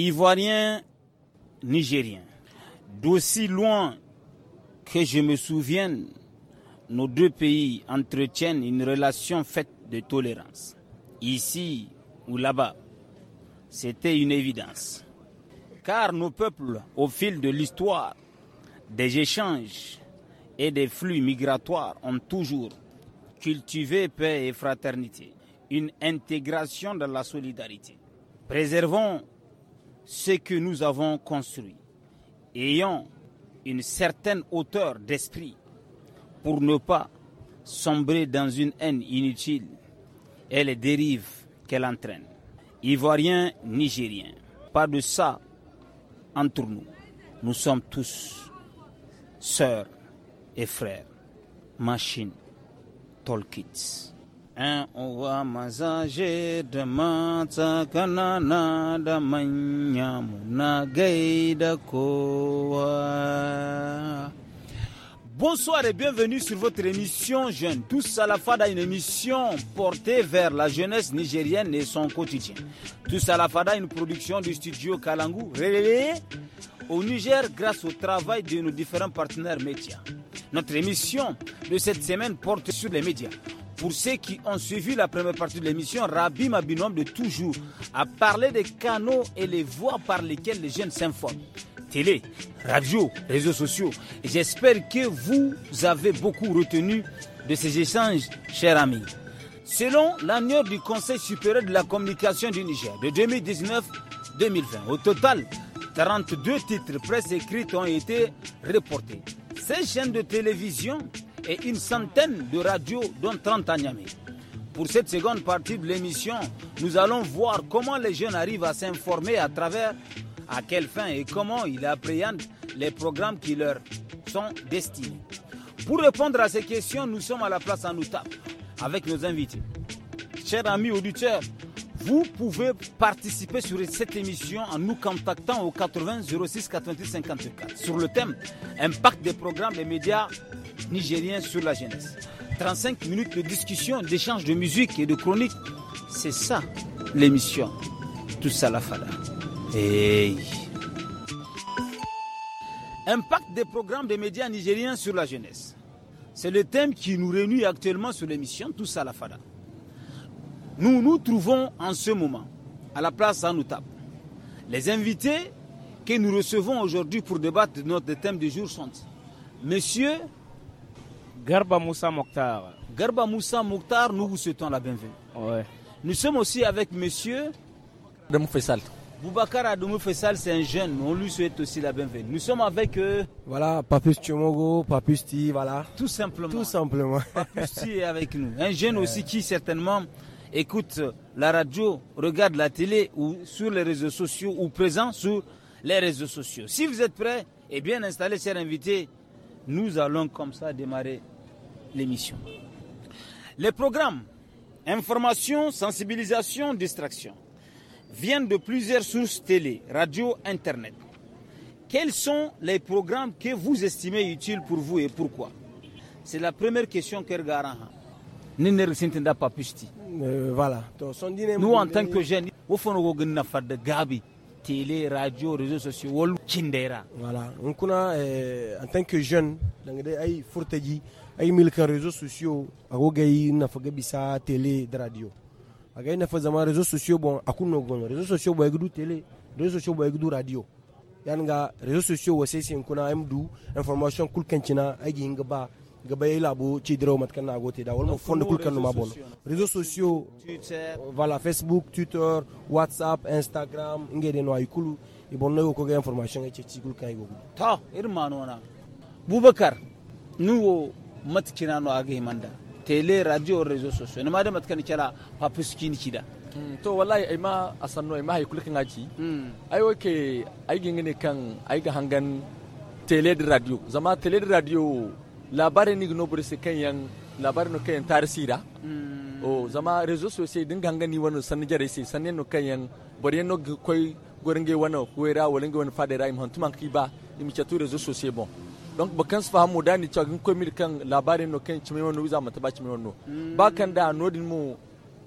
Ivoirien, Nigérien. D'aussi loin que je me souvienne, nos deux pays entretiennent une relation faite de tolérance. Ici ou là-bas, c'était une évidence. Car nos peuples, au fil de l'histoire, des échanges et des flux migratoires, ont toujours cultivé paix et fraternité, une intégration dans la solidarité. Préservons ce que nous avons construit. ayant une certaine hauteur d'esprit pour ne pas sombrer dans une haine inutile et les dérives qu'elle entraîne. Ivoiriens, Nigériens, pas de ça entre nous. Nous sommes tous sœurs et frères. machines, Tolkits. Hein, Bonsoir et bienvenue sur votre émission jeune. tous à la Fada, une émission portée vers la jeunesse nigérienne et son quotidien. Tous à la Fada, une production du studio Kalangu, relayée au Niger grâce au travail de nos différents partenaires médias. Notre émission de cette semaine porte sur les médias. Pour ceux qui ont suivi la première partie de l'émission, Rabbi Mabinom de toujours a parlé des canaux et les voies par lesquelles les jeunes s'informent. Télé, radio, réseaux sociaux. J'espère que vous avez beaucoup retenu de ces échanges, chers amis. Selon l'année du Conseil supérieur de la communication du Niger de 2019-2020, au total, 42 titres presse écrites ont été reportés. Ces chaînes de télévision et une centaine de radios, dont 30 à Pour cette seconde partie de l'émission, nous allons voir comment les jeunes arrivent à s'informer à travers, à quelle fin et comment ils appréhendent les programmes qui leur sont destinés. Pour répondre à ces questions, nous sommes à la place en Outap avec nos invités. Chers amis auditeurs, vous pouvez participer sur cette émission en nous contactant au 80 06 88 54 sur le thème Impact des programmes des médias nigérien sur la jeunesse. 35 minutes de discussion, d'échange de musique et de chronique. C'est ça l'émission. Tout ça la fada. Hey. Impact des programmes des médias nigériens sur la jeunesse. C'est le thème qui nous réunit actuellement sur l'émission Tous à la Fada. Nous nous trouvons en ce moment à la place Anoutab. Les invités que nous recevons aujourd'hui pour débattre de notre thème du jour sont Monsieur Garba Moussa Mokhtar. Garba Moussa Mokhtar, nous vous souhaitons la bienvenue. Nous sommes aussi avec monsieur Adamou Fessal. Boubacar Adamou Fessal, c'est un jeune, on lui souhaite aussi la bienvenue. Nous sommes avec euh, Voilà, Papus Tchomogo, Ti, voilà. Tout simplement. Tout simplement. est avec nous. Un jeune aussi qui certainement écoute la radio, regarde la télé ou sur les réseaux sociaux ou présent sur les réseaux sociaux. Si vous êtes prêts et eh bien installés, chers invités, nous allons comme ça démarrer l'émission. Les programmes information, sensibilisation, distraction viennent de plusieurs sources télé, radio, internet. Quels sont les programmes que vous estimez utiles pour vous et pourquoi C'est la première question que pas euh, voilà. Nous, en tant que jeunes, nous avons fait de Gabi, télé, radio, réseaux sociaux, Voilà. Euh, en tant que jeunes, nous avons réseaux sociaux sociaux... sociaux, a gogayi faga bisa télé radio a bon gono rezo sociaux bo Réseaux sociaux rezo radio yan ga sociaux wa des réseaux kuna information kul gi ba gaba labo ci na gote da sociaux, fond kul kan ma bon sociaux, voilà facebook twitter whatsapp instagram ngede no ay kulu réseaux ko ga information ai ci kul irmanona bubakar matkina no aga himanda tele radio rezo soso ne mada matkani kera papuski ni kida hmm, to wallahi ai ma asanno ai ma hay kulkin aji hmm. ai oke ai gingine kan ai ga hangan tele da radio zama tele da radio labarin ni gno burse kan yan labarin no kan tarsira hmm. o oh, zama rezo din gangani hangani wannan jare sai sanen no kan yan bari no koi goringe wannan huera walenge wannan fadera im hantuman kiba imi chatu zo sosai bon donc ba kan su fahamu da ni cewa kin komi kan labarin no kan cime wannan wiza mata ba cime wannan ba kan da nodin mu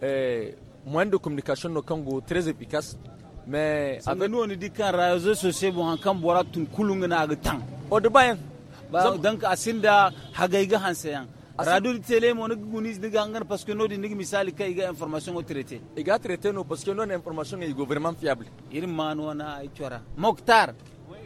eh moyen de communication no kango très efficace mais avec nous on dit kan réseaux sociaux bon kan bora tun kulunga na ga tan o de bayan donc asinda hanse yan radio télé mo na gunis ni gangan parce que nodin ni misali kai ga information o traité e ga traité no parce que non information e gouvernement fiable il manona ay chora moktar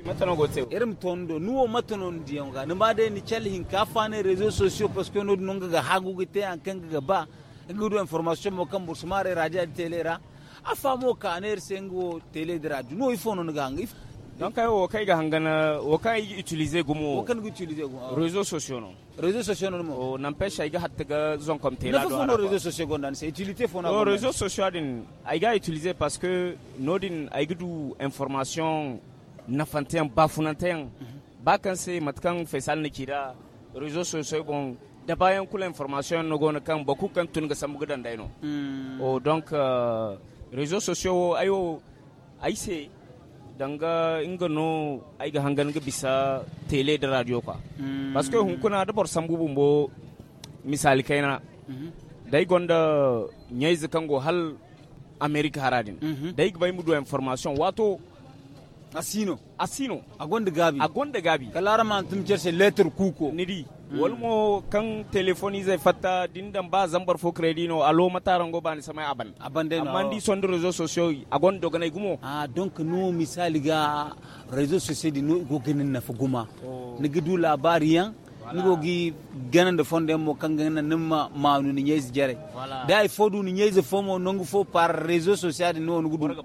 matano go tew irim tondo nuwo matano ndiyonga nima de ni chal hin ka fane réseaux sociaux parce que no nonga ga hagu gite an kanga ga ba gudu information mo kam bursumare radio telera afa mo ka ner sengo tele de radio no ifono nganga if donc kay wo kay ga hangana wo kay utiliser gumo wo kan utiliser gumo ah. réseaux sociaux non réseaux sociaux non mo n'empêche ay ga hatta ga zon comme tela do no réseaux sociaux gonda c'est utilité fona no réseaux sociaux din ay ga utiliser parce que no din ay gudu information nafantayan bafunantayan ba kan sai matkan faisal kira bon kula information kan samu hmm. o oh, donc uh, réseaux sociaux ayo ayse danga inga no hangan bisa radio kwa hmm. parce que hun kuna da bor sambu misali kaina mhm. gonda kango hal america haradin mhm. information asino asino gonde gabi gonde gabi kalara man tum cherche lettre kuko nidi mm. walmo kan telefoni zai fatta dindan ba zambar fo credino alo mataran go bani samai aban aban dai amma oh. ndi son réseaux sociaux agon do ganai gumo ah donc no misali ga réseaux sociaux di no go ganin na fuguma oh. ne gidu labari yan voilà. ni gi ganan de fonde mo kan ganan ma manu ni nyezi jere voilà. dai fodu ni nyezi fomo nongo fo par réseaux sociaux di no ngudu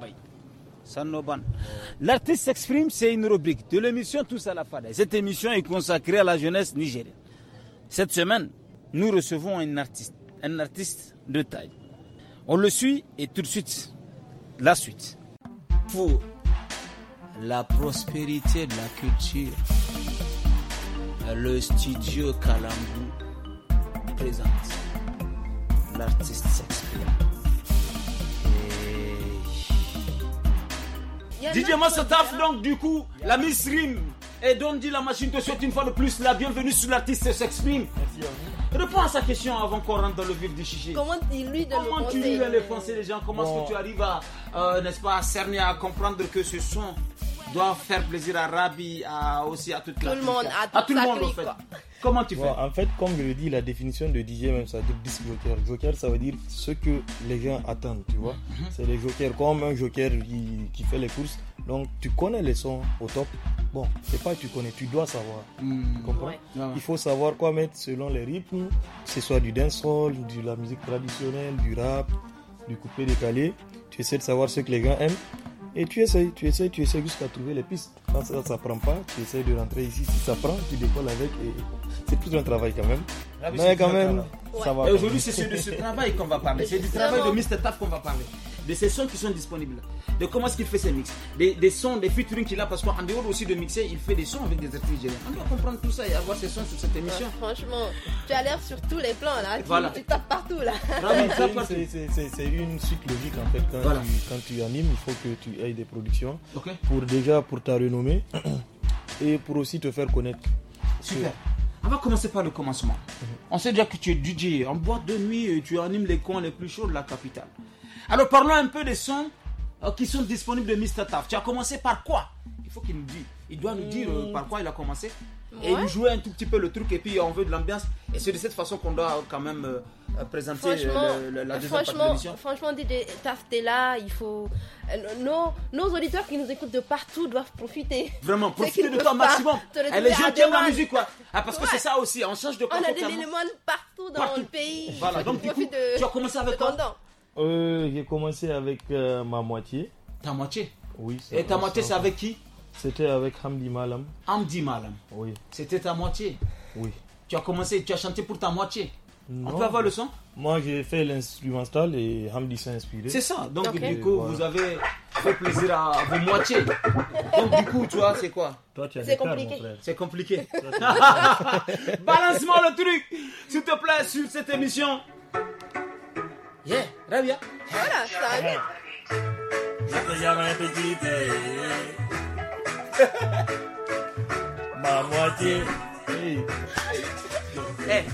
L'artiste s'exprime, c'est une rubrique de l'émission Tous à la falaise. Cette émission est consacrée à la jeunesse nigérienne. Cette semaine, nous recevons un artiste, un artiste de taille. On le suit et tout de suite, la suite. Pour la prospérité de la culture, le studio Kalambu présente l'artiste s'exprime. Didier ce taf donc du coup la Miss Rim et donc, dit la machine te souhaite une fois de plus la bienvenue sur l'artiste s'exprime. Réponds à sa question avant qu'on rentre dans le vif du chichi. Comment tu lui as Comment tu les pensées des gens Comment est-ce que tu arrives à, euh, n'est-ce pas, à cerner, à comprendre que ce sont doit faire plaisir à Rabi, à, aussi à tout le monde, à, tout le monde Comment tu fais En fait, comme je le dis, la définition de DJ même, ça veut dire disc joker. Joker, ça veut dire ce que les gens attendent, tu vois. Mhm. C'est les jokers, comme un joker qui, fait les courses. Donc, tu connais les sons au top. Bon, c'est pas que tu connais, tu dois savoir. Hmm. Tu comprends Il faut savoir quoi mettre selon les rythmes, que ce soit du dancehall, de la musique traditionnelle, du rap, du coupé décalé. Tu essaies de savoir ce que les gens aiment et tu essayes, tu essayes, tu essayes jusqu'à trouver les pistes ça ne prend pas, tu essaies de rentrer ici. Si ça prend, tu décolles avec. Et... C'est plus un travail quand même. Ah, mais quand même, ça va. Et aujourd'hui, c'est de ce travail qu'on va parler. C'est du travail de Mr. Taf qu'on va parler. De ces sons qui sont disponibles. De comment est-ce qu'il fait ses mix. Des, sons, des featuring qu'il a. Parce qu'en dehors aussi de mixer, il fait des sons avec des artistes On doit comprendre tout ça et avoir ces sons sur cette émission. Ah, franchement, tu as l'air sur tous les plans là. Tu, voilà. tu tapes partout là. C'est une suite logique en fait. Quand, tu, animes, il faut que tu aies des productions. Pour déjà, pour ta renommée et pour aussi te faire connaître. Super. On va commencer par le commencement. Mhm. On sait déjà que tu es DJ en boîte de nuit et tu animes les coins les plus chauds de la capitale. Alors parlons un peu des sons euh, qui sont disponibles de Mr. Taf. Tu as commencé par quoi Il faut qu'il nous dise. Il doit nous dire euh, hmm. par quoi il a commencé. Et nous jouer un tout petit peu le truc et puis on veut de l'ambiance. Et c'est de cette façon qu'on doit quand même euh, présenter euh, la deuxième franchement, partie de Franchement, t'es là il faut. Euh, nos, nos, auditeurs qui nous écoutent de partout doivent profiter. Vraiment, profiter de toi maximum. Et les gens qui aiment la musique, quoi. Ah, parce que c'est ça aussi, on change de On a des éléments partout dans le pays. Voilà, donc tu as commencé avec quoi euh, J'ai commencé avec ma moitié. Ta moitié Oui. Et ta moitié, c'est avec qui C'était avec Hamdi Malam. Hamdi Malam Oui. C'était ta moitié Oui. Tu as commencé, tu as chanté pour ta moitié. On peut avoir le son Moi, j'ai fait l'instrumental et Hamdi s'est inspiré. C'est ça. Donc, du coup, vous avez fait plaisir à vos moitiés. Donc, du coup, tu vois, c'est quoi Toi, tu as C'est compliqué. C'est compliqué. Balance-moi le truc, s'il te plaît, sur cette émission. Yeah, bien. Voilà, ça arrive. Je te petite. Ma moitié. Eh,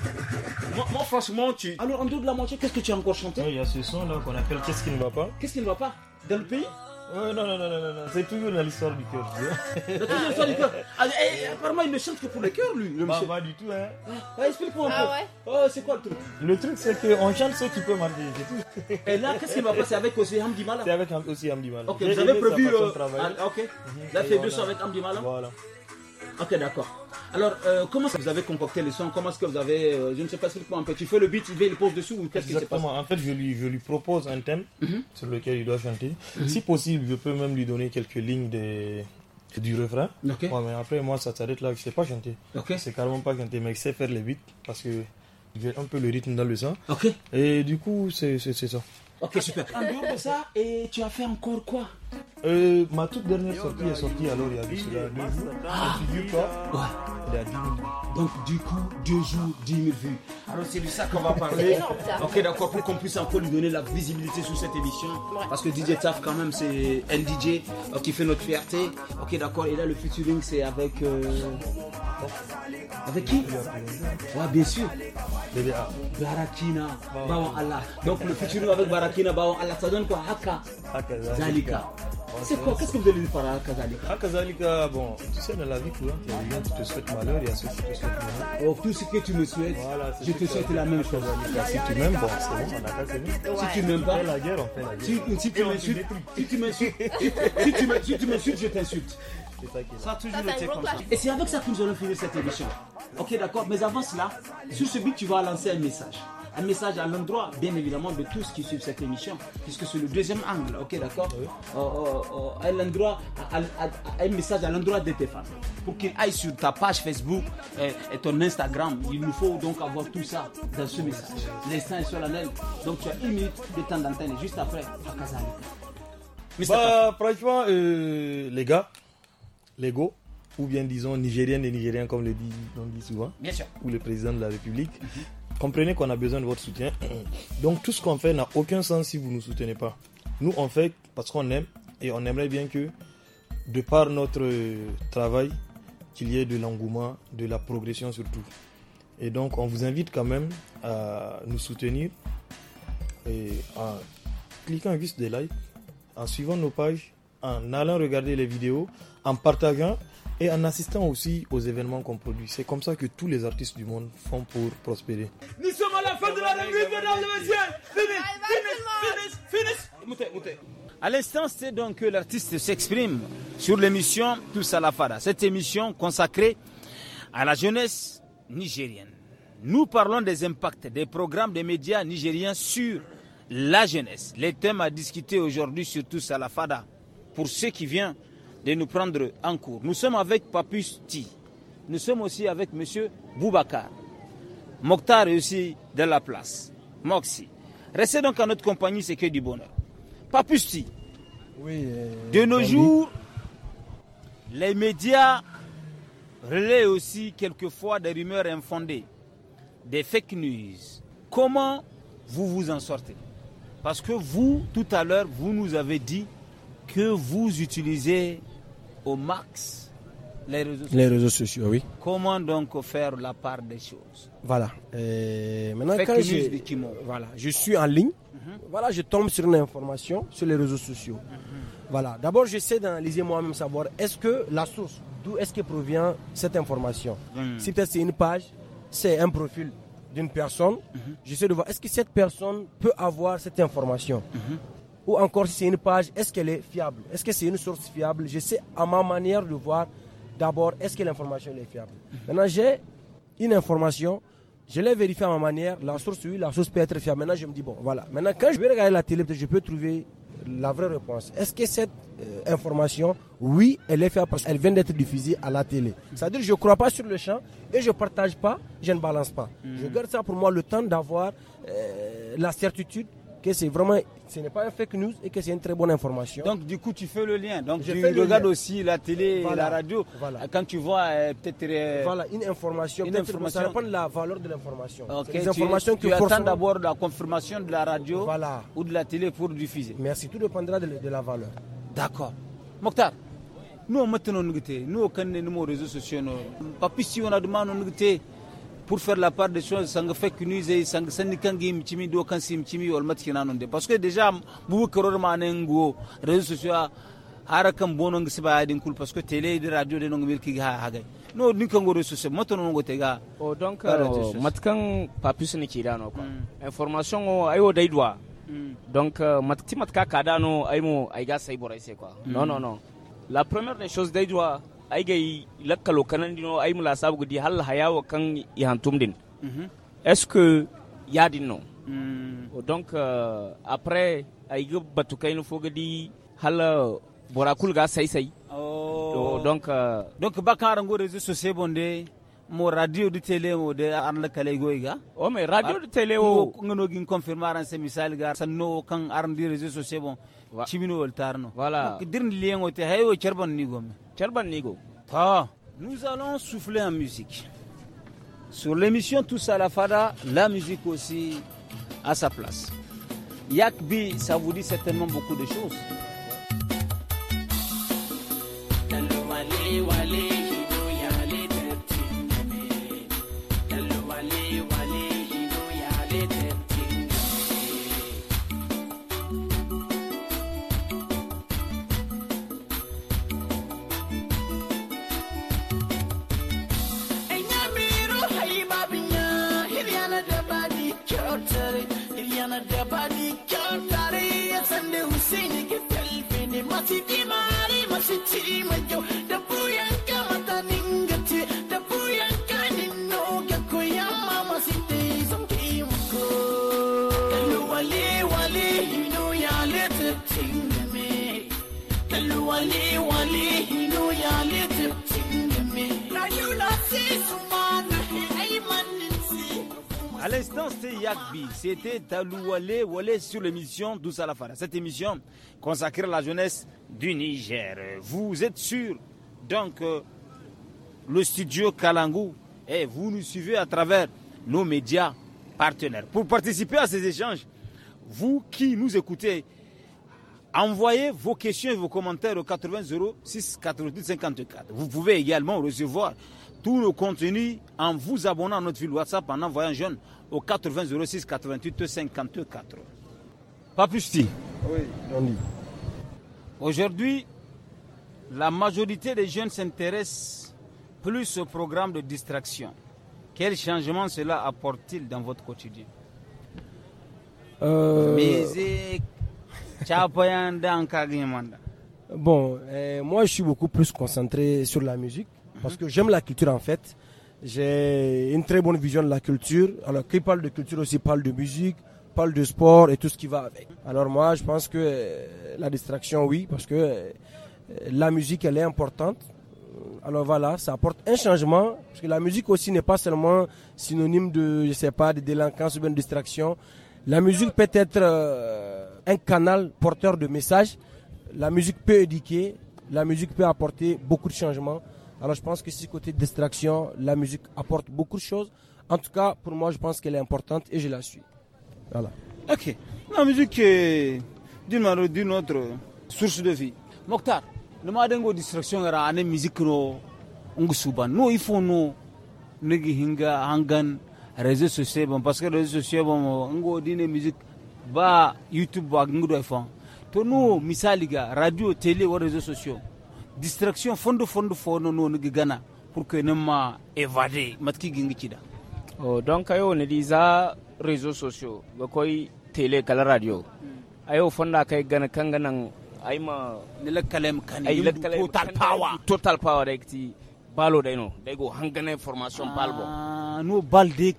moi, franchement, tu. Alors, en dehors de la moitié, qu'est-ce que tu as encore chanté Il y a ce son-là qu'on appelle Qu'est-ce qui ne va pas Qu'est-ce qui ne va pas Dans le pays non, non, non, non, non, c'est toujours dans l'histoire du cœur. C'est toujours l'histoire du cœur. Ah, eh, eh, apparemment, il ne chante que pour le cœur, lui. Le bah, pas bah, du tout, hein. Ah, bah, explique-moi un ah peu. ouais. Oh, c'est quoi le truc Le truc, c'est qu'on chante ce qui peut manger. c'est tout. Et là, qu'est-ce qui va passer avec aussi Hamdi Malam C'est avec aussi Hamdi Ok, J'avais prévu. Euh, ok. Mhm. Là, c'est deux avec Hamdi hein. Voilà. Ok, d'accord. Alors, euh, comment vous avez concocté le son Comment est-ce que vous avez, euh, je ne sais pas, si un peu. Tu fais le beat, il, le pose dessus ou qu'est-ce qui se passe En fait, je lui, je lui propose un thème mhm. sur lequel il doit chanter. Mhm. Si possible, je peux même lui donner quelques lignes de, du refrain. Ok. mais après, moi, ça s'arrête là. Je ne sais pas chanter. Ok. C'est carrément pas chanter, mais je sais faire le beat parce que j'ai un peu le rythme dans le sang. Ok. Et du coup, c'est ça. Ok, super. En dehors de ça, et tu as fait encore quoi euh, Ma toute dernière sortie est sortie alors il y a du cela. Ah, dis quoi Ouais. Donc, du coup, deux jours, 10 000 vues. Alors, c'est de ça qu'on va parler. ok, d'accord, pour qu'on puisse encore lui donner la visibilité sur cette émission. Parce que DJ Taf, quand même, c'est un DJ euh, qui fait notre fierté. Ok, d'accord, et là, le featuring, c'est avec. Euh, avec qui Ouais, bien sûr. Barakina. Allah. Donc, le featuring avec Barakina, Allah, ça donne quoi Haka. Zalika. C'est quoi Qu'est-ce que vous allez lui par à Kazalika À Kazalika, bon, tu sais, dans la vie courante, il y a des gens qui te souhaitent malheur, il y a ceux qui te souhaitent malheur. Oh, tout ce que tu me souhaites, je te souhaite la même chose. Bah, si tu m'aimes, bon, c'est bon, on a Si tu m'aimes pas, on fait Si, tu m'insultes, si tu m'insultes, si tu m'insultes, je t'insulte. Ça a toujours été comme ça. Et c'est avec ça que nous allons finir cette émission. Ok, d'accord, mais avant cela, sur ce but, tu vas lancer un message un message à l'endroit, bien évidemment, de tous qui suivent cette émission, puisque c'est le deuxième angle, ok, d'accord oh, oh, oh, un message à l'endroit de tes fans. Pour qu'ils aillent sur ta page Facebook et, ton Instagram, il nous faut donc avoir tout ça dans ce message. L'instant est lèvre. donc tu as une minute de temps d'antenne, juste après, à Kazan. Bah, franchement, euh, les gars, les go ou bien disons nigériens et nigériens comme le dit, on dit souvent, ou le président de la République, mhm comprenez qu'on a besoin de votre soutien. Donc tout ce qu'on fait n'a aucun sens si vous ne nous soutenez pas. Nous, on fait parce qu'on aime et on aimerait bien que, de par notre travail, qu'il y ait de l'engouement, de la progression surtout. Et donc, on vous invite quand même à nous soutenir en cliquant juste des likes, en suivant nos pages, en allant regarder les vidéos, en partageant et en assistant aussi aux événements qu'on produit. C'est comme ça que tous les artistes du monde font pour prospérer. Nous sommes à la fin de la revue, mesdames et messieurs. Finish, À l'instant, c'est donc que l'artiste s'exprime sur l'émission Tous à la Fada. Cette émission consacrée à la jeunesse nigérienne. Nous parlons des impacts des programmes des médias nigériens sur la jeunesse. Les thèmes à discuter aujourd'hui sur Tous à la Fada. Pour ceux qui viennent de nous prendre en cours. Nous sommes avec Papusti. Nous sommes aussi avec Monsieur Boubacar. Mokhtar est aussi de la place. Moxie. Restez donc à notre compagnie, c'est que du bonheur. Papusti. Oui, euh, de nos jours, les médias relaient aussi quelquefois des rumeurs infondées, des fake news. Comment vous vous en sortez Parce que vous, tout à l'heure, vous nous avez dit que vous utilisez au max les réseaux sociaux. Les réseaux sociaux, oui. Comment donc faire la part des choses Voilà. Euh, maintenant, je, voilà, je suis en ligne, mhm. voilà, je tombe sur une information sur les réseaux sociaux. Mhm. Voilà. D'abord, j'essaie d'analyser moi-même savoir est-ce que la source, d'où est-ce que provient cette information mhm. Si c'est une page, c'est un profil d'une personne, j'essaie de voir est-ce que cette personne peut avoir cette information ou encore si c'est une page, est-ce qu'elle est fiable Est-ce que c'est une source fiable Je sais à ma manière de voir d'abord, est-ce que l'information est fiable Maintenant, j'ai une information, je l'ai vérifiée à ma manière, la source, oui, la source peut être fiable. Maintenant, je me dis, bon, voilà. Maintenant, quand je vais regarder la télé, je peux trouver la vraie réponse. Est-ce que cette euh, information, oui, elle est fiable parce qu'elle vient d'être diffusée à la télé C'est-à-dire je ne crois pas sur le champ et je ne partage pas, je ne balance pas. Je hmm. garde ça pour moi le temps d'avoir euh, la certitude c'est vraiment, ce n'est pas un fake news et que c'est une très bonne information. Donc du coup, tu fais le lien. Donc je regarde aussi la télé, et la radio. Quand tu vois euh, peut-être euh, voilà une information, une information. ça dépend de la valeur de l'information. Les informations tu, que tu attends d'abord la confirmation de la radio ou de la télé pour diffuser. Merci, tout dépendra de, la valeur. D'accord. Mokhtar, nous maintenant nous nous aux réseaux sociaux, papy si on a demandé pour faire la part des choses sanga fek nuize sanga sandikangi mchimi do kansi mchimi wal matki nanonde parce que déjà bubu koror ma nengo réseaux sociaux harakan bonon ngi siba yadin kul parce que télé de radio de nongo milki ha hagay no ninkan go réseaux sociaux mato ngote ga o oh, donc euh, matkan papus ni dano quoi mm. information o oh, ayo daidwa mm. donc euh, matkti matka mo aymo ayga say boray c'est quoi mm. non non non la première des choses daidwa ay gay lakkalo kanan dino ai mula sabu gudi hal hayawa kan i hantum din mhm. est ce que ya din no mm. oh, donc euh, après ai ga batu kayno fo di hal borakul ga sai sai oh. oh. donc euh, donc bakara ngo réseau sociaux bonde mo radio de télé mo de arla kale goyga o oh, mais radio de télé o ngono gin confirmar an se misal gar sanno kan arndi réseaux sociaux bon chimino wal tarno voilà dirn liengo te hayo cherban nigo me cherban ta nous allons souffler en musique sur l'émission Tous à la Fada, la musique aussi à sa place. Yakbi, ça vous dit certainement beaucoup de choses. À l'instant, c'était Yakbi. C'était Talouale Wale sur l'émission Doussalafara. la Cette émission consacrée à la jeunesse du Niger. Vous êtes sur donc, euh, le studio Kalangu et eh, vous nous suivez à travers nos médias partenaires. Pour participer à ces échanges, vous qui nous écoutez, Envoyez vos questions et vos commentaires au 80 06 54. Vous pouvez également recevoir tout le contenu en vous abonnant à notre ville WhatsApp en envoyant jeune au 80 06 88 54. Papusti. Oui, Aujourd'hui, la majorité des jeunes s'intéressent plus au programme de distraction. Quel changement cela apporte-t-il dans votre quotidien euh... Musique, Bon, euh, moi je suis beaucoup plus concentré sur la musique parce que j'aime la culture en fait. J'ai une très bonne vision de la culture. Alors, qui parle de culture aussi parle de musique, parle de sport et tout ce qui va avec. Alors, moi je pense que euh, la distraction, oui, parce que euh, la musique elle est importante. Alors voilà, ça apporte un changement parce que la musique aussi n'est pas seulement synonyme de, je sais pas, de délinquance ou de distraction. La musique peut être un canal porteur de messages. La musique peut éduquer, la musique peut apporter beaucoup de changements. Alors je pense que si côté distraction, la musique apporte beaucoup de choses. En tout cas, pour moi, je pense qu'elle est importante et je la suis. Voilà. Ok. La musique est d'une autre source de vie. Mokhtar, le distraction et la musique. Nous, il faut nous, nous, réseaux sociaux, parce que les réseaux sociaux, on musique. ba youtube ba ngudo fon to no misali ga radio tele wa réseaux sociaux distraction fondo fondo fono no ngi gana pour que ne ma évader matki ci da oh donc ayo ne di za réseaux sociaux ba koy tele kala radio hmm. ayo fonda kay gana kanga nan ay ma ne la kalem kan ay la kalem total power total power rek ti balo dai no dai go information palbo ah. no balde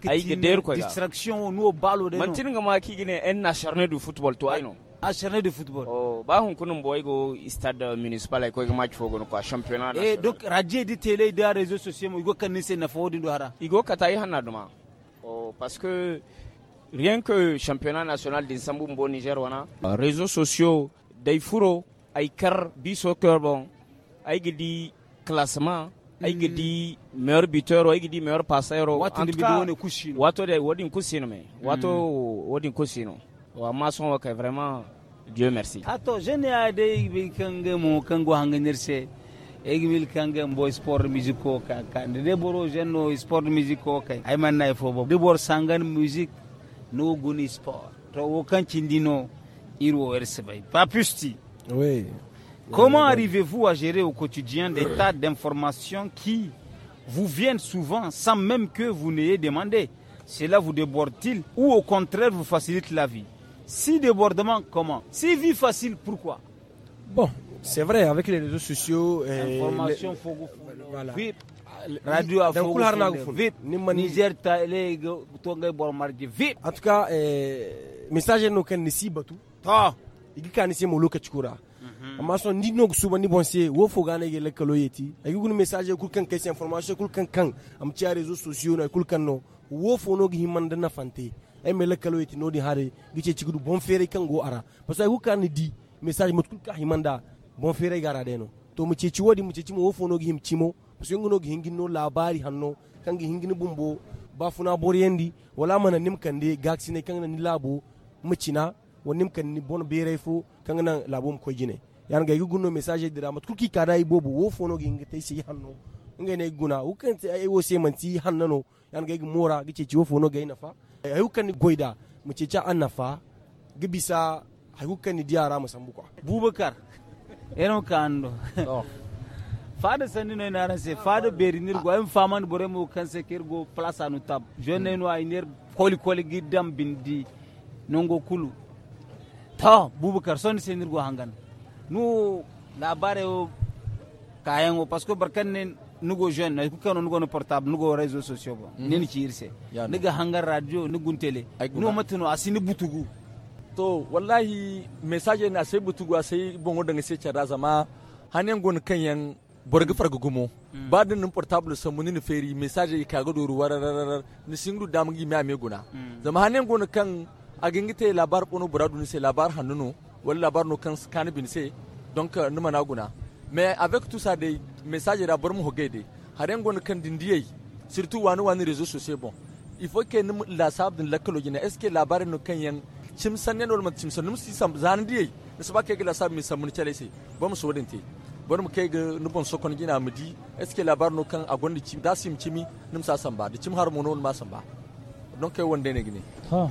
distraction no balo de mantin ga ma kigine en charne du football to ayno a charne de football oh ba hun kunun boy go stade municipal ko ga match fogo ko championnat eh donc radio di télé de réseaux sociaux mo go kanin se na fodi do hara igo kata yi hanna duma oh parce que rien que championnat national din sambu mbo niger wana ah, réseaux sociaux dai furo ay kar bi soccer bon ay gidi classement aiki di mayar bitoro aiki di mayar pasayro wato ne bido ne kusino wato da wadin kusino me mm. wato wadin kusino wa ma son wa kai vraiment dieu merci ato jene a de bi kange mo kango hanga nerse aiki bil kange mbo sport musico ka ka de boro jeno sport musico ka ay man nay fo bo de bor sangan music no guni sport to wo kan cindino iro erse bay papusti oui Comment arrivez-vous à gérer au quotidien des tas d'informations qui vous viennent souvent sans même que vous n'ayez demandé Cela vous déborde-t-il ou au contraire vous facilite la vie Si débordement, comment Si vie facile, pourquoi Bon, c'est vrai, avec les réseaux sociaux... Et Information, les... faut vous... voilà. Vip. Ah, radio a vip niger ta ele to ngai bor vip en tout cas les eh, message no kan ni sibatu ta igi kan Mm. amma son ni no su ba ni bonse wo fo gane le kalo yeti ay gun message kul kan kayse information kul kan kan am ci réseaux sociaux na kul kan no wo fo no gi man na fante ay me kalo yeti no di hare gi ci gudu bon fere kan go ara parce que kan di message mot kul ka da bon fere gara de no to mu ci ci wodi mu ci ci mo wo fo no gi him mo parce que no gi hingin no labari hanno kan gi hingin bumbo ba funa boriendi wala mana nim kan de gaksine kan ni labo mu na wonim kan ni bon bere fo kan na labo mu ko jine yanga no message dira mat kuki kada bobu wo fono ginga te si hanno nge ne guna kan e, e, ti ayo se man ti hannano yanga ig mora gice ci wo fono gai nafa e, ayu kan goida mu ce ca an nafa gibisa ai ukan diara musambu ko bubakar eno kando oh. fada sandi no se ranse fada beri nir go en faman bore mo se ker go place anu tab jone no ay nir koli koli gi dam bindi nongo kulu ta bubakar son senir go hangana nu labare o kayan o parce que barkan ne nugo jeune na ku kanu nugo no portable nugo réseaux sociaux ba mhm. ne ni ci irse niga hangar radio ni guntele no matino asini butugu to wallahi message na sai butugu sai bongo daga sai cha razama hanen gon kan yan borga farga gumo mm. ba da nin portable san muni ni feri message ka ga doru wararar ni singru da mun gi me guna zama hanen gon kan a gingite labar kono buradu ni sai labar hannuno wala labar no kan kan binse donc euh, numa na mais avec tout ça des messages da bar mu hogede haren gon kan dindiyai surtout wani wani réseaux sociaux bon il faut que nous la sab de lakalo est ce que la no kan yan chimsan yan wal chimsan num si sam zan diyai ne su ba ke la sab mi samun chale se bom so wadin te bari mu kai bon nufin sokon gina mu di eske labar no kan agon da da sim cimi nim sa san ba da har mono ma samba donc don kai wanda ne gine ha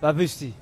ba bisti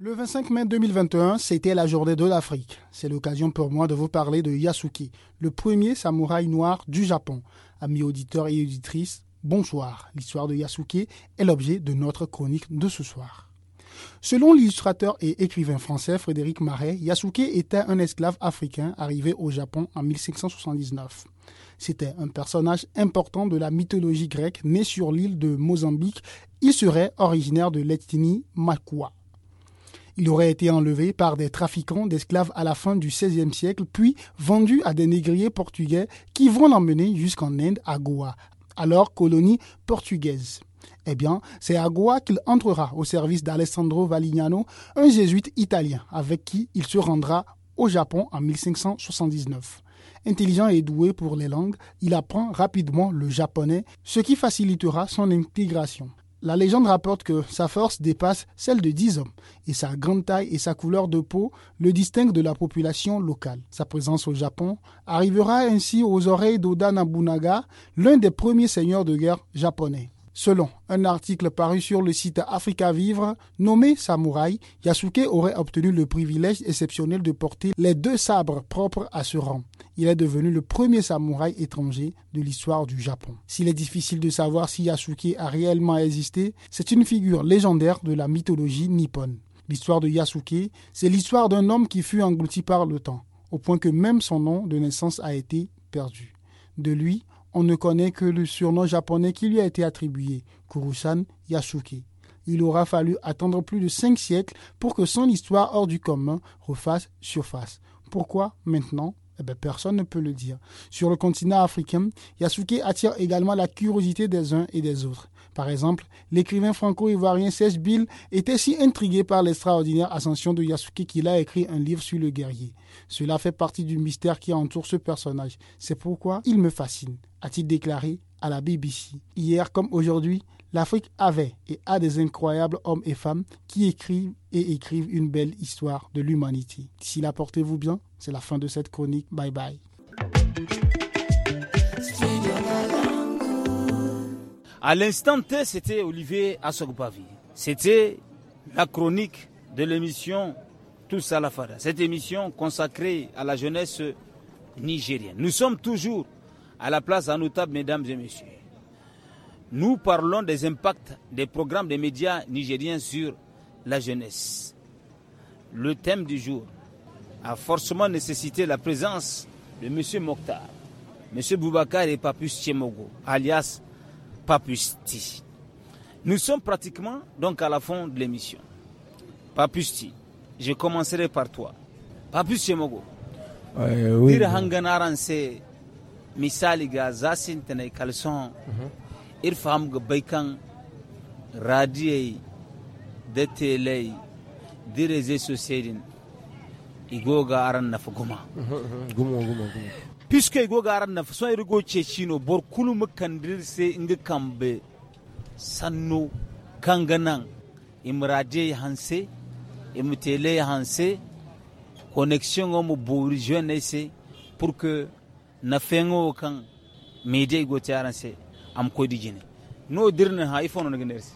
Le 25 mai 2021, c'était la journée de l'Afrique. C'est l'occasion pour moi de vous parler de Yasuke, le premier samouraï noir du Japon. Amis auditeurs et auditrices, bonsoir. L'histoire de Yasuke est l'objet de notre chronique de ce soir. Selon l'illustrateur et écrivain français Frédéric Marais, Yasuke était un esclave africain arrivé au Japon en 1579. C'était un personnage important de la mythologie grecque né sur l'île de Mozambique. Il serait originaire de l'ethnie Makua. Il aurait été enlevé par des trafiquants d'esclaves à la fin du XVIe siècle, puis vendu à des négriers portugais qui vont l'emmener jusqu'en Inde à Goa, alors colonie portugaise. Eh bien, c'est à Goa qu'il entrera au service d'Alessandro Valignano, un jésuite italien avec qui il se rendra au Japon en 1579. Intelligent et doué pour les langues, il apprend rapidement le japonais, ce qui facilitera son intégration. La légende rapporte que sa force dépasse celle de dix hommes, et sa grande taille et sa couleur de peau le distinguent de la population locale. Sa présence au Japon arrivera ainsi aux oreilles d'Oda Nobunaga, l'un des premiers seigneurs de guerre japonais. Selon un article paru sur le site Africa Vivre, nommé Samouraï, Yasuke aurait obtenu le privilège exceptionnel de porter les deux sabres propres à ce rang. Il est devenu le premier samouraï étranger de l'histoire du Japon. S'il est difficile de savoir si Yasuke a réellement existé, c'est une figure légendaire de la mythologie nippone. L'histoire de Yasuke, c'est l'histoire d'un homme qui fut englouti par le temps, au point que même son nom de naissance a été perdu. De lui, on ne connaît que le surnom japonais qui lui a été attribué, Kurusan Yasuke. Il aura fallu attendre plus de cinq siècles pour que son histoire hors du commun refasse surface. Pourquoi maintenant eh bien, personne ne peut le dire. Sur le continent africain, Yasuke attire également la curiosité des uns et des autres. Par exemple, l'écrivain franco-ivoirien Serge Bill était si intrigué par l'extraordinaire ascension de Yasuke qu'il a écrit un livre sur le guerrier. Cela fait partie du mystère qui entoure ce personnage. C'est pourquoi il me fascine a-t-il déclaré à la BBC. Hier comme aujourd'hui, l'Afrique avait et a des incroyables hommes et femmes qui écrivent et écrivent une belle histoire de l'humanité. D'ici là, portez-vous bien. C'est la fin de cette chronique. Bye bye. À l'instant T, c'était Olivier Assogbavi. C'était la chronique de l'émission Tous à la Fada. Cette émission consacrée à la jeunesse nigérienne. Nous sommes toujours à la place en mesdames et messieurs. Nous parlons des impacts des programmes des médias nigériens sur la jeunesse. Le thème du jour a forcément nécessité la présence de M. Mokhtar, M. Boubacar et Papus Tchemogo, alias Papusti. Nous sommes pratiquement donc à la fin de l'émission. Papusti, je commencerai par toi. Papus Tchemogo. oui. misaliga zasintanay kalson irfahamga baykan radiyay datelay direze sosedin igoga aran nafa guma piske igoga aran nafa son irgo cecino bor kuluma kandirse inga kambe sannu kanganan imradiyay hanse imtele hanse connexion mu bori jeunesse pour que na fengo kan media go tiaran se am ko digine no dirna ha ifono ngi nersi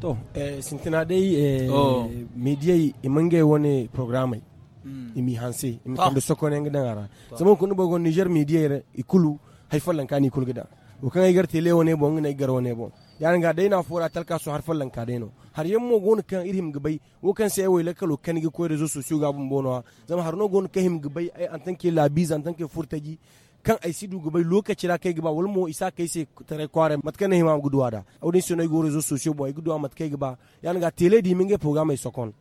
to eh, sintina dai eh, oh. media imange woni programme mm. imi hanse mi kando sokone ngi dangara samo ko no bogo niger media re ikulu hay fallan kan ikulu gida o kan ay gar tele woni bon ngi gar woni bon yan ga dai na fora talka so har fallan ka dai no har yan yammo gon kan irim gbai wo kan sai wai lakalo kan gi ko da zo su su ga bun bono zama har no gon kahim gbai ai an tanke labiz an tanke furtaji kan ai sidu gbai lokaci ra kai gba wal mo isa kai sai tare kware mat kan himam guduwa da audin sunai gore zo su su boy guduwa mat kai gba yan ga tele di minge program ai sokon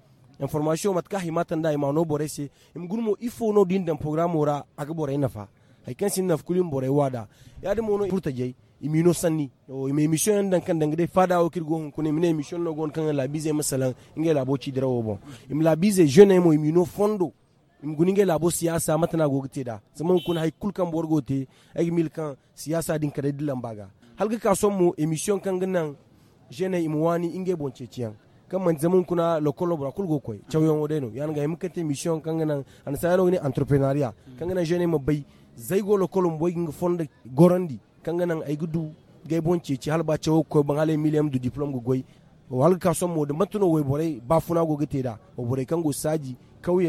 information mat ka himatan da ima no bore si im gunmo ifo no din dan program ora aga bore nafa ai kan sin naf kulim bore wada ya dimo no furtaji imino sanni o ime emission yan dankan dangde fada o kirgo hon kone mine emission no gon kan la bise masalan inge la bo chidra o bon im la bise jeune mo imino fondo im guninge la bo siyasa matana go gite da zaman kun hay kul kan borgo te ay mil kan siyasa din kare dilan baga halga ka son mo emission kan gnan jeune im wani inge bon checiyan kan man zaman kuna lokolo bra kul go koy chaw yon odeno yan ga im kete emission kan gnan an sayaro ni entrepreneuria kan gnan jeune mo bay zaygo go lokolo mboy ngi fonde gorandi nang ay gudu gay bonci ci halba ci ko miliam du diplom gu goy wal ka so mo de matuno way bore ba funa go gete da o bore kango saji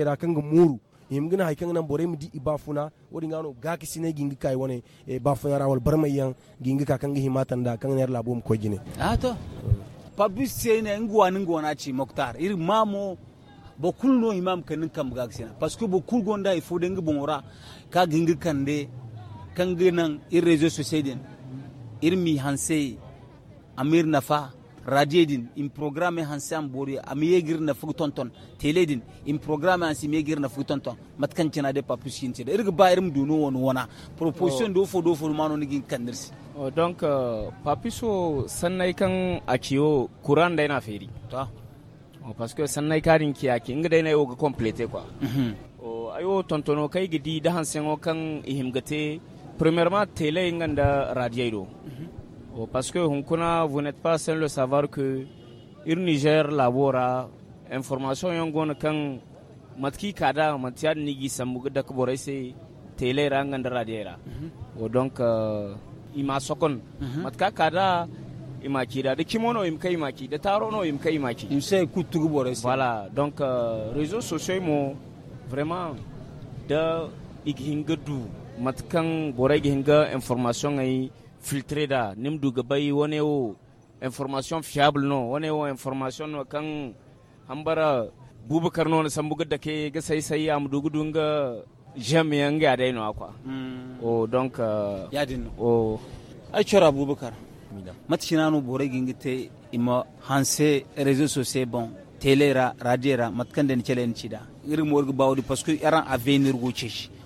ra kanga muru yim gina hay kanganan bore mi di ibafuna funa wodi ngano ga ki sine gingi kai woni e ba funa rawal barma yan gingi ka kanga himatan da kanga ner labum ko jine a to pabu sene ngwa ngwa na ci moktar ir mamo bokul no imam kanin kam ga sine parce que bokul gonda il faut dengi bonora ka gingi kande kangenan ir réseau social din ir mi hanse amir nafa radio din in programme hanse an bori am yegir na fug tonton tele din in programme hanse mi yegir na fug tonton ton mat kan cina de pa plus kinti irga ba irim dunu won wona proposition oh. do fo do fo mano ni gin kandirsi oh, donc uh, papiso sannai kan akiyo kuran dai na feri to oh, parce que sannai karin kiyaki inga dai na yo ga complete quoi mm -hmm. ayo tontono kai gidi da hansen kan ihimgate Premièrement, télé inganda radio. Mhm. Oh, parce que hunkuna, vous n'êtes pas sans le savoir que ir Niger labora information yangon kan matki kada matiya nigi samu da télé ranganda radio mhm. oh, Donc euh, ima sokon mhm. matka kada ima kida de kimono im kai maki de taro no ma kai maki. Im sai kutugu Voilà, donc euh, réseaux sociaux mo vraiment da igihinga du matkan boregi hinga information ngai filtre da nim du gabai wane wo information fiable no wane wo information no kan hambara bubakar no sambuga da ke ga sai sai am dugudu nga jami'an ga dai no akwa hmm. o donc uh, din o a chora bubakar matshinanu boregi ngite ima hanse réseaux sociaux bon télé ra radio ra matkan den chelen chida irin morgu bawdi parce que yaran avenir go chechi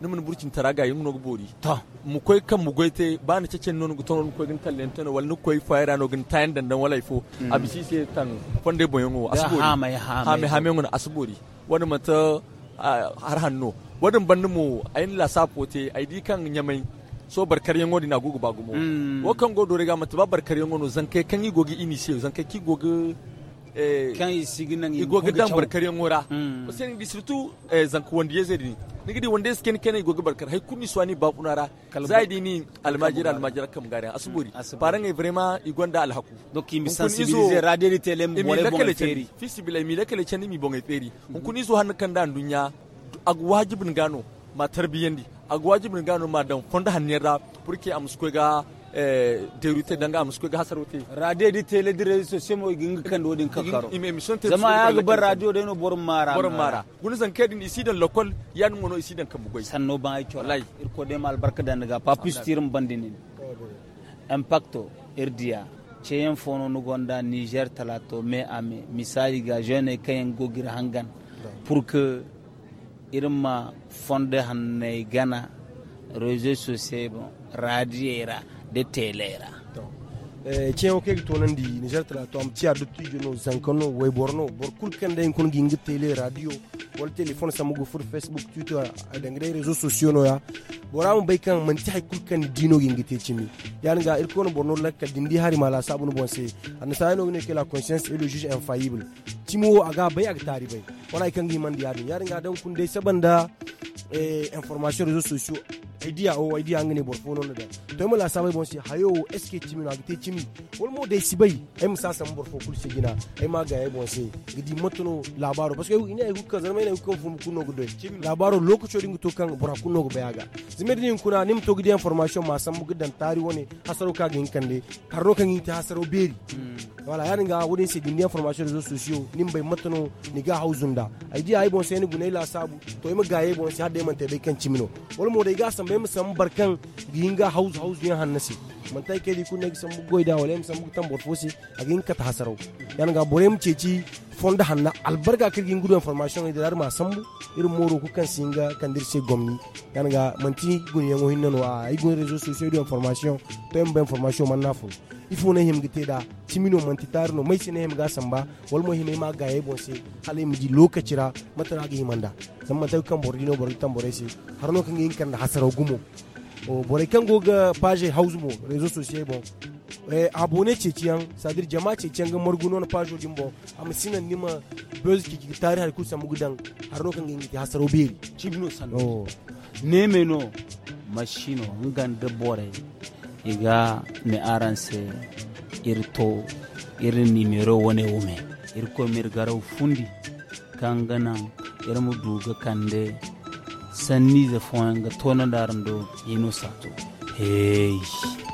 nimin burkin taraga yin nog bori ta mu koy kan mu goite ba ni cece non gu tonon koy gin kallen tan wal ni koy fayra no gin tayin dan dan walai fo mm. abisi se tan fonde wo asbori ha mai ha mai ha mai ngon asbori wani mata har hanno wadin banni mu ayin la te aidi kan nyamai so barkar yango dina gugu ba gumo mm. wakan godo riga mata ba barkar yango no zan kai kan yi gogi ini zan kai ki gogi Eh, kan yi siginan yi gogi dan barkar yan wura mm. usain di surtout eh, zanku wanda ya zai ni ni gidi wanda suke ni kana gogi barkar hay kunni swani ba kunara zai di ni almajira almajira kam gari asubori paran e vraiment i gonda alhaku donc mi sensibiliser raderi telem wala bon feri fisi bilai mi lakale chani mi bon feri hun mhm. kunni so han kan dan dunya ag wajibin gano ma tarbiyandi ag wajibin gano ma dan fonda hanira purke am suko ga Eh, deirute danga am skwe gasar wote radio di tele di radio so mo ginga kan do din kakaro ime mission te zama ya ga radio de no bor mara bor mara gun zan kedin isi dan lokol yan mono isi dan kamugoi sanno ban ay cho lay ir ko demal mal barka dan daga papis tirim bandinin impacto irdia ceyen fono no gonda niger talato me ame misali ga jeune kayen gogir hangan pour que irma fonde hanne gana réseaux sociaux radio radiera de telera ceewo euh, keke tonandi niger tala to am ciya dottijo no zankano way borno bor kul kende en kon gingi télé radio wala téléphone samugo fur facebook twitter les réseaux sociaux no ya boram bay kan hein, man ci hay dino gi te cimi yani ga il kono borno la kadi ndi hari mala sabu bonse sa no ne que la conscience et le juge infaillible timo aga bay ag tari bay wala kan gi man diadi yani ga donc kun dai sabanda information réseaux sociaux idea o idea ngene bor fono no da to mo la sabai bon si hayo eske chimi na gite chimi wol mo dai sibai ai sa sam bor fo kul si gina e ma ga e bon si gidi motono labaro parce que ina ai hukka zama ina hukka fum kuno gudo labaro lokaci chodi to kan bora kuno go bayaga zimedi nin kuna nim to gidi information ma sam dan tari woni hasaro ka ga kande karro kan yin ta hasaro beri wala yani ga wodin si gidi information zo sosio nim bay motono ni ga hauzunda idea e bon si ni gune la sabu to ai ma ga e bon si hadde man te bai kan chimino wol mo dey ga sam me musam barkan ginga haus haus yan hannasi man tay ke di kunne sam goida wala sam tan bor fosi agin ka ta hasaro yan ga borem ceci fonda hanna albarka kirgi nguru information e dar ma sambu irin moro ku kan singa kan dirse gomni kan ga manti gun yango hinno a igun réseaux sociaux de information to en information man nafu ifu ne him gite da timino manti tarno mai sine him ga samba wal mo him ma ga e bonse hale mi di lokacira matara ga himanda zamma ta kan borino bordino borgitan borese harno kan yin kan da hasara gumo o bore kan goga page house mo réseaux sociaux bon Eh, abone ceciyan sadir jama ceciyan ga marguno na pajo jimbo am sinan nima boz ki ki tari har kusa mugudan har no kan ngi hasaro beri chibno san oh. o ne meno mashino ngan de bore iga me aranse irto irin nimero wane wume irko mirgarau fundi kan gana duga kande sanni da foyan ga tono darando yino sato hey